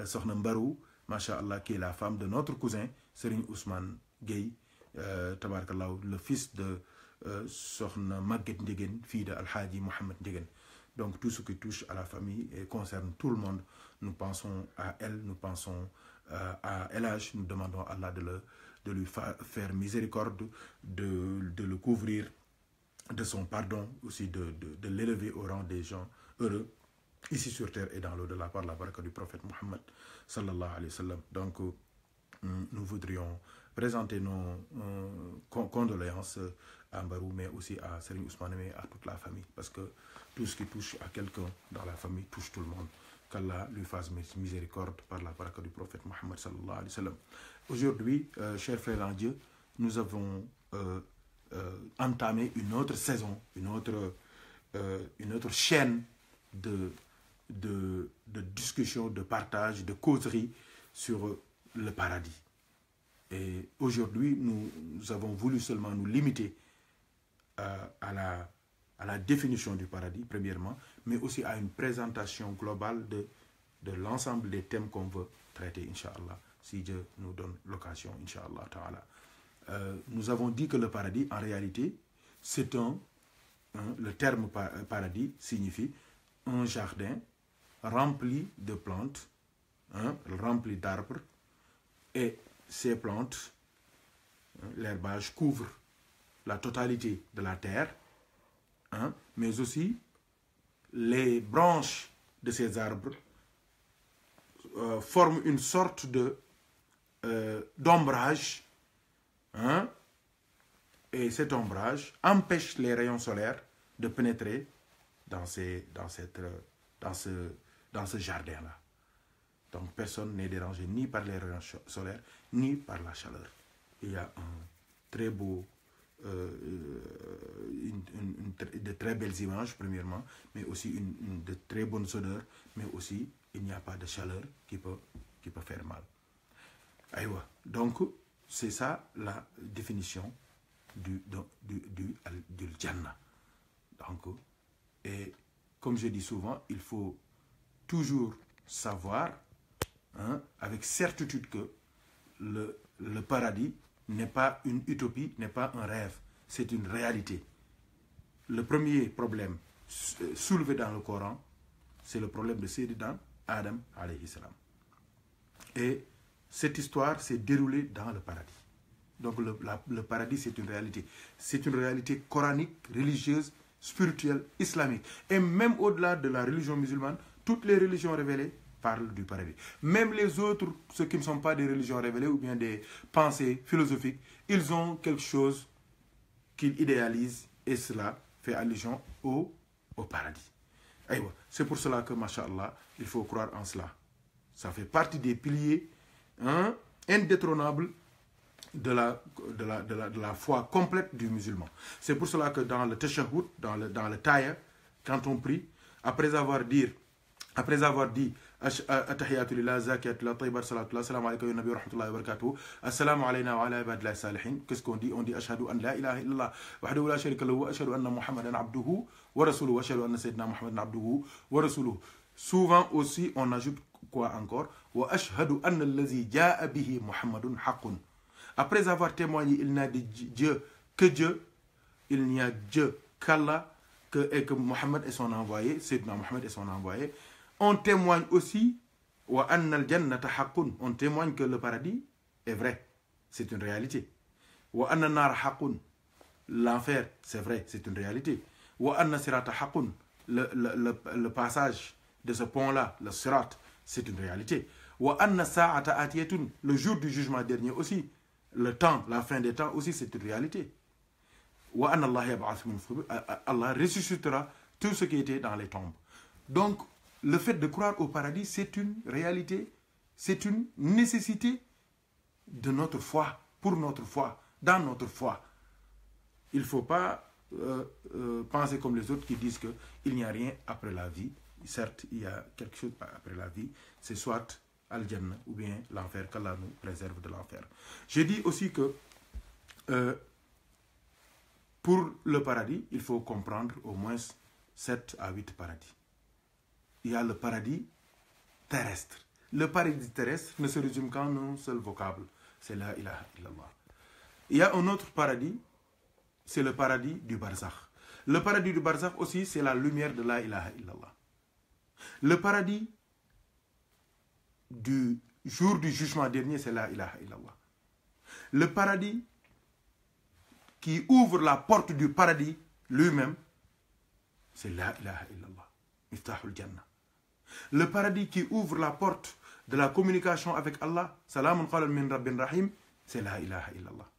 euh, qui est la femme de notre cousin, Serine Ousmane Gay, euh, le fils de euh, Sohna Ndegen, fille de al Mohamed Ndegen. Donc tout ce qui touche à la famille et concerne tout le monde, nous pensons à elle, nous pensons à euh, à H Nous demandons à Allah de, lui faire miséricorde, de, le couvrir de son pardon, aussi de, l'élever au rang des gens heureux ici sur terre et dans l'au-delà par la baraka du prophète Mohammed sallallahu alayhi wa sallam. Donc, euh, nous voudrions présenter nos euh, condoléances à Mbarou, mais aussi à Serine Ousmane, mais à toute la famille, parce que tout ce qui touche à quelqu'un dans la famille touche tout le monde qu'Allah lui fasse miséricorde par la parole du prophète Mohammed sallallahu alayhi wa sallam. Aujourd'hui, euh, chers frères en Dieu, nous avons euh, euh, entamé une autre saison, une autre, une autre chaîne de, de, discussion, de partage, de causerie sur le paradis. Et aujourd'hui, nous, avons voulu seulement nous limiter à, la, à la définition du paradis, premièrement, mais aussi à une présentation globale de, de l'ensemble des thèmes qu'on veut traiter, Inch'Allah, si Dieu nous donne l'occasion, Inch'Allah euh, nous avons dit que le paradis, en réalité, c'est un, hein, le terme euh, paradis signifie un jardin rempli de plantes, hein, rempli d'arbres, et ces plantes, hein, l'herbage couvre la totalité de la terre, hein, mais aussi les branches de ces arbres euh, forment une sorte de euh, d'ombrage. Hein? Et cet ombrage empêche les rayons solaires de pénétrer dans, ces, dans, cette, dans ce, dans ce jardin-là. Donc personne n'est dérangé ni par les rayons solaires, ni par la chaleur. Il y a un très beau euh, une, de très belles images, premièrement, mais aussi une, de très bonnes odeurs, mais aussi il n'y a pas de chaleur qui peut, qui peut faire mal. Donc, c'est ça la définition du, du, du, Jannah. Donc, et comme je dis souvent, il faut toujours savoir hein, avec certitude que le, le paradis n'est pas une utopie, n'est pas un rêve, c'est une réalité. Le premier problème euh, soulevé dans le Coran, c'est le problème de Sédidan, Adam, alayhi salam. Et cette histoire s'est déroulée dans le paradis. Donc le paradis, c'est une réalité. C'est une réalité coranique, religieuse, spirituelle, islamique. Et même au-delà de la religion musulmane, toutes les religions révélées parle du paradis. Même les autres, ceux qui ne sont pas des religions révélées ou bien des pensées philosophiques, ils ont quelque chose qu'ils idéalisent et cela fait allusion au, au paradis. C'est pour cela que, machallah, il faut croire en cela. Ça fait partie des piliers hein, indétrônables de la, de la, foi complète du musulman. C'est pour cela que dans le Teshahut, dans le, dans le quand on prie, après avoir, dit, après avoir dit التحيات لله زكاة لله طيبة صلاة الله السلام عليكم يا نبي ورحمة الله وبركاته السلام علينا وعلى عباد الله الصالحين كسكون دي اون دي أشهد أن لا إله إلا الله وحده لا شريك له وأشهد أن محمدا عبده ورسوله وأشهد أن سيدنا محمدا عبده ورسوله souvent aussi on ajoute quoi encore وأشهد أن الذي جاء به محمد حق après avoir témoigné il n'a de Dieu que Dieu il n'y a Dieu qu'Allah que, et que Mohammed est son envoyé Sayyidina Mohammed est son envoyé On témoigne aussi, on témoigne que le paradis est vrai, c'est une réalité. L'enfer, c'est vrai, c'est une réalité. Le, le, passage de ce pont-là, le surat, c'est une réalité. Le jour du jugement dernier aussi, le temps, la fin des temps aussi, c'est une réalité. Allah ressuscitera tout ce qui était dans les tombes. Donc, le fait de croire au paradis, c'est une réalité, c'est une nécessité de notre foi, pour notre foi, dans notre foi. Il ne faut pas euh, euh, penser comme les autres qui disent qu'il n'y a rien après la vie. Certes, il y a quelque chose après la vie, c'est soit al ou bien l'enfer, qu'Allah nous préserve de l'enfer. Je dis aussi que euh, pour le paradis, il faut comprendre au moins 7 à 8 paradis il y a le paradis terrestre. Le paradis terrestre ne se résume qu'en un seul vocable. C'est la ilaha illallah. Il y a un autre paradis, c'est le paradis du barzakh. Le paradis du barzakh aussi, c'est la lumière de la ilaha illallah. Le paradis du jour du jugement dernier, c'est la ilaha illallah. Le paradis qui ouvre la porte du paradis lui-même, c'est la ilaha illallah. Miftahul Jannah. Le paradis qui ouvre la porte de la communication avec Allah, c'est la ilaha illallah.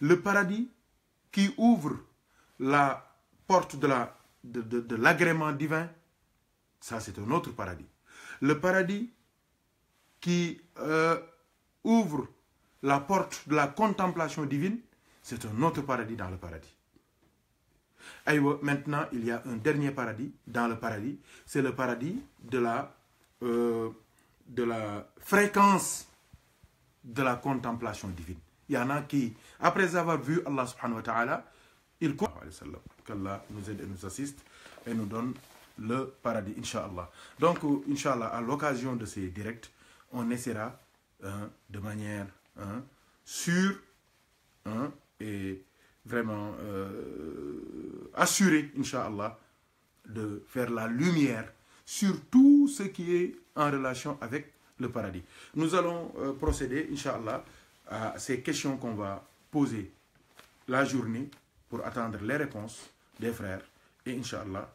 Le paradis qui ouvre la porte de l'agrément divin, ça c'est un autre paradis. Le paradis qui euh, ouvre la porte de la contemplation divine, c'est un autre paradis dans le paradis maintenant, il y a un dernier paradis dans le paradis. C'est le paradis de la, euh, de la fréquence de la contemplation divine. Il y en a qui, après avoir vu Allah subhanahu wa ta'ala, il qu'Allah nous aide et nous assiste et nous donne le paradis, inshallah Donc, inshallah à l'occasion de ces directs, on essaiera hein, de manière hein, sûre hein, et vraiment euh, Inshallah, Inch'Allah, de faire la lumière sur tout ce qui est en relation avec le paradis. Nous allons euh, procéder, Inch'Allah, à ces questions qu'on va poser la journée pour attendre les réponses des frères et Inch'Allah,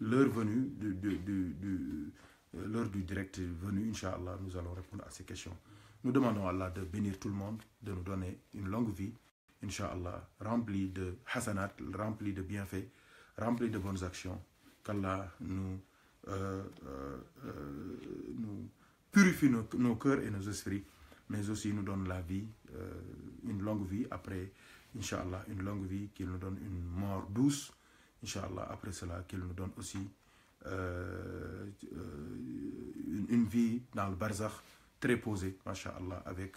l'heure venue de du, du, du euh, l'heure du direct venu, Inch'Allah, nous allons répondre à ces questions. Nous demandons à Allah de bénir tout le monde, de nous donner une longue vie. Inch'Allah, rempli de hasanat, rempli de bienfaits, rempli de bonnes actions. Qu'Allah nous, euh, euh, euh, nous, purifie nos, cœurs et nos esprits, mais aussi nous donne la vie, une longue vie après, Inch'Allah, une longue vie, qu'il nous donne une mort douce, Inch'Allah, après cela, qu'il nous donne aussi une, vie dans le barzakh très posée, InshaAllah avec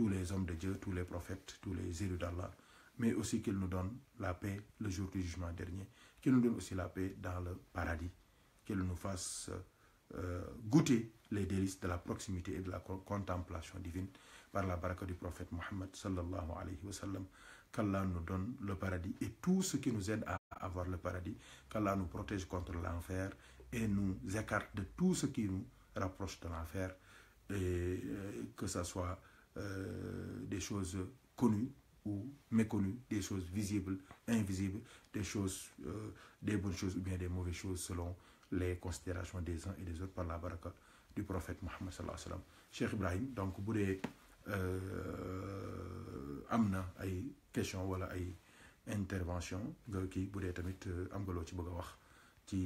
tous les hommes de Dieu, tous les prophètes, tous les élus d'Allah, mais aussi qu'il nous donne la paix le jour du jugement dernier, qu'il nous donne aussi la paix dans le paradis, qu'il nous fasse euh, goûter les délices de la proximité et de la contemplation divine par la baraka du prophète Mohammed sallallahu alayhi wa sallam. Qu'Allah nous donne le paradis et tout ce qui nous aide à avoir le paradis. Qu'Allah nous protège contre l'enfer et nous écarte de tout ce qui nous rapproche de l'enfer. Et euh, que ce soit euh, des choses connues ou méconnues, des choses visibles, invisibles, des choses, euh, des bonnes choses ou bien des mauvaises choses selon les considérations des uns et des autres par la baraka du prophète Mohammed sallallahu alayhi wa Cheikh Ibrahim, donc vous pouvez question voilà intervention qui qui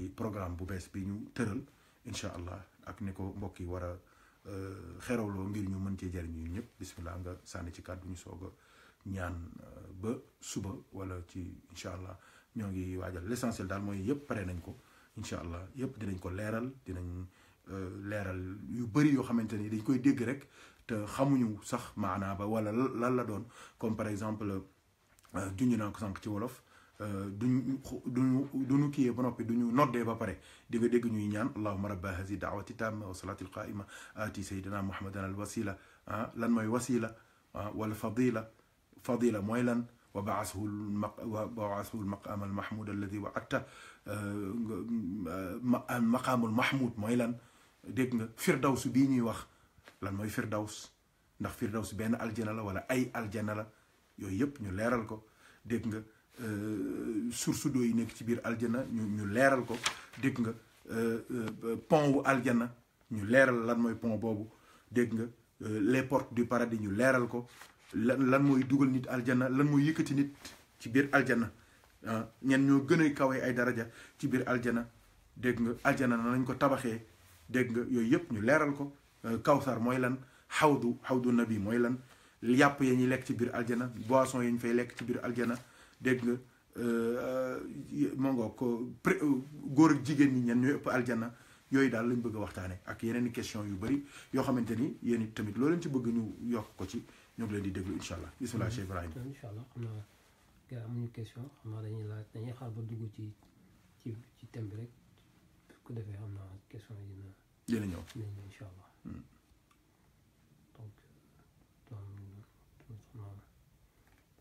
être programme bu bi xerawloo ngir ñu mën cee jariñ ñun ñëpp bismillah nga sànni ci kàddu ñu soog a ñaan euh, ba suba wala ci incha allah ñoo ngi waajal l'essentiel daal mooy yëpp pare nañ ko incha allah yëpp dinañ ko leeral dinañ euh, leeral yu bëri yoo xamante ni dañ koy dégg rek te xamuñu sax maanaa ba wala lan la doon comme par exemple euh, junj naa ko sànq ci wolof دونو كي يبنى في دونو نور دي بابرة دي في دعوة نيان الله مربى هذه دعوة تام وصلاة القائمة آتي سيدنا محمد الوسيلة لن ما يوسيلة والفضيلة فضيلة مويلا وبعثه المق وبعثه المقام المحمود الذي وعدته المقام المحمود مويلا ديك فردوس بيني وخ لن ما يفردوس نخ فردوس بين الجنة ولا أي الجنة يو يب نيو ليرالكو ديك Euh, source d'eau yi nekk ci biir aljana ñu ñu leeral ko dégg nga euh, euh, pont wu aljana ñu leeral lan mooy pont boobu dégg nga les portes du paradis ñu leeral ko lan lan mooy dugal nit aljana lan mooy yëkkati nit ci biir aljana ah ñoo gën a kawe ay daraja ci biir aljana dégg nga aljana lañ ko tabaxee dégg nga yooyu yëpp ñu leeral ko kawsar mooy lan xawdu xawdu nabi mooy lan yàpp ya ñuy lekk ci biir aljana boisson ya ñu fay lekk ci biir aljana dégg nga euh, euh, moo nga ko góor ak jigéen ñi ñan ñooy ëpp aljana yooyu daal lañ bëgg a waxtaane ak yeneen question yu bëri yoo xamante ni yéen tamit loo leen ci bëgg ñu yokk ko ci ñoo ngi leen di déglu incha allah bisimilah Cheikh Ibrahim incha xam naa gars amuñu question xam naa dañuy laaj dañuy xaar ba dugg ci ci ci thème rek ku defee xam naa question yi dina dina ñëw allah hmm.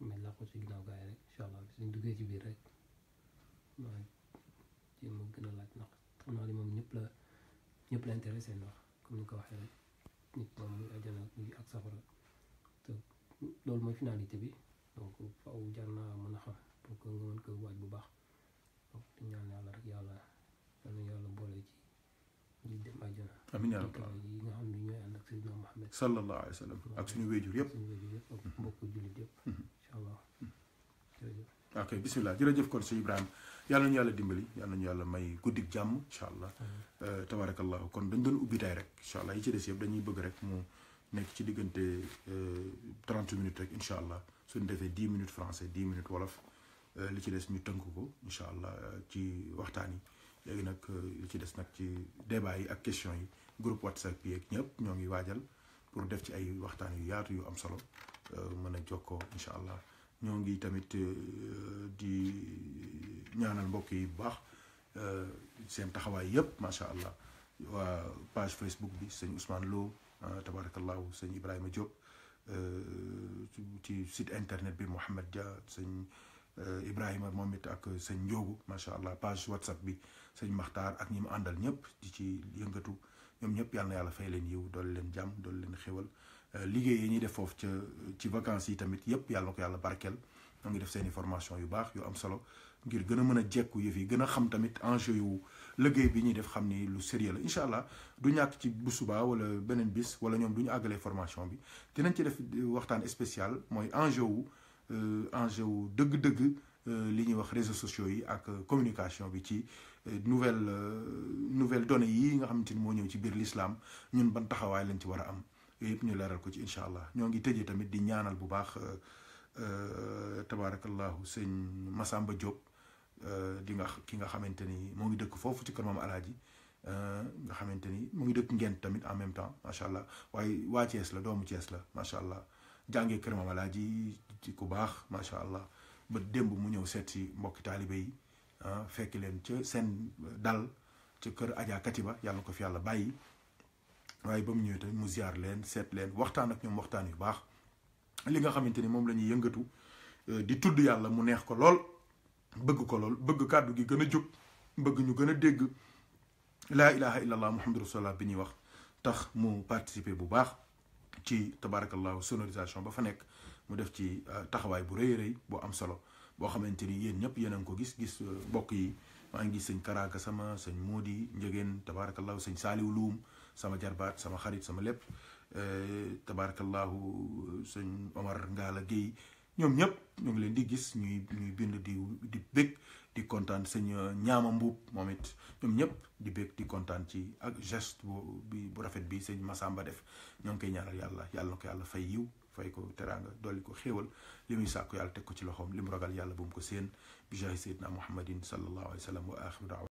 mella khosi gina gaay rek inshallah bisni duggé ci bir rek ma ci mo gëna laaj nak xamna li mom ñëpp la ñëpp la intéressé nak comme ni ko waxé rek nit mom muy aljana muy ak safara te lool moy finalité bi donc faaw jarna mëna xam pour que nga mën ko waaj bu baax donc ñaan yalla yalla rek yalla ñu yalla bolé ci ñu dem aljana amina rabbi nga xam ni ñoy and ak sayyidina muhammad sallallahu alayhi wasallam ak suñu wëjur yëpp bokku julit yëpp allah jërëjëf ok bisimilah jërëjëf kon si Ibrahima yàlla nañu yàlla dimbali yàlla nañu yàlla may guddik jàmm incha allah eh, tabarakallahu kon dañ doon ubbi rek incha allah yi ci des yëpp dañuy bëgg rek mu nekk ci diggante 30 eh, minutes rek incha allah suñ defee 10 minutes français 10 minutes wolof eh, li ci des ñu tënk ko incha allah ci waxtaan yi léegi nag li ci des nag ci débat yi ak question yi groupe whatsapp yi ak ñëpp ñoo ngi waajal pour def ci ay waxtaan yu yaatu yu am solo mën a jokkoo incha allah ñoo ngi tamit euh, di ñaanal mbokk yi bu baax euh, seen taxawaay yëpp macha allah waa page Facebook bi sëñ Ousmane Lo ah, tabarakallahu sëñ Ibrahima Diop euh, ci site internet bi Mouhamed Dia sëñ Ibrahima moom it ak sëñ Ndiogu macha allah page WhatsApp bi sëñ Makhtar ak ñi mu àndal ñëpp di ci yëngatu ñoom ñëpp yàlla yàlla fay leen yiw dool leen jàmm dool leen xéwal. liggéey yi ñuy def foofu ca ci vacances yi tamit yépp yàlla ko yàlla barkel ñoo ngi def seen i formation yu baax yu am solo ngir gën a mën a jekku yëf yi gën a xam tamit enjeu yu liggéey bi ñuy def xam ni lu sérieux la incha allah du ñàkk ci bu suba wala beneen bis wala ñoom du ñu àggalee formation bi dinañ ci def waxtaan spécial mooy enjeu wu euh, enjeu wu dëgg-dëgg euh, li ñuy wax réseaux sociaux yi ak communication bi ci euh, nouvelle nouvelle données yi nga xamante ni moo ñëw ci biir l'islam ñun ban taxawaay lañ ci war a am yooyu ñu leeral ko ci incha allah ñoo ngi tëjee tamit di ñaanal bu baax euh, euh, tabaarakallahu sëñ Massamba Diop euh, di nga ki nga xamante ni moo ngi dëkk foofu ci kër maam alaaji nga xamante ni mu ngi dëkk ngent tamit en même temps macha allah waaye waa Thiès la doomu Thiès la macha allah jàngee kër maam alaaji ci ku baax macha allah ba démb mu ñëw seet si mbokki taalibe yi ah, fekk leen ca seen dal ca kër Adja ba yàlla ko fi yàlla bàyyi. waaye ba mu ñëwee tamit mu ziar leen seet leen waxtaan ak ñoom waxtaan yu baax li nga xamante ni moom la ñuy yëngatu euh, di tudd yàlla mu neex ko lool bëgg ko lool bëgg kàddu gi gën a jóg bëgg ñu gën a dégg laa ilaha illallah muhammadu rasulullah bi ñuy wax tax mu participer bu baax ci tabarakallahu sonorisation ba fa nekk mu def ci euh, taxawaay bu rëy rëy boo am solo boo xamante ni yéen ñëpp yéen a ngi ko gis gis euh, mbokk yi maa ngi gis sëñ Karaka sama sëñ Modi Njëgeen tabarakallahu sëñ Saaliw Luum sama jarbaat sama xarit sama lépp eh, tabarakallahu sëñ Omar Ngalla Guèye ñoom ñëpp ñoo ngi leen di gis ñuy ñuy bind di di bég di kontaan sëñ eh, ñaama mbuub moom it ñoom ñëpp di bég di kontaan ci ak geste bu bu rafet bi sëñ Massamba def ñoo ngi koy ñaanal yàlla yàlla na ko yàlla fay yiw fay ko teraanga dolli ko xéewal li muy sàkku yàlla teg ko ci loxoom li mu ragal yàlla bu mu ko séen bi jaahi sayyidina muhammadin sallallahu alayhi wa sallam wa axiru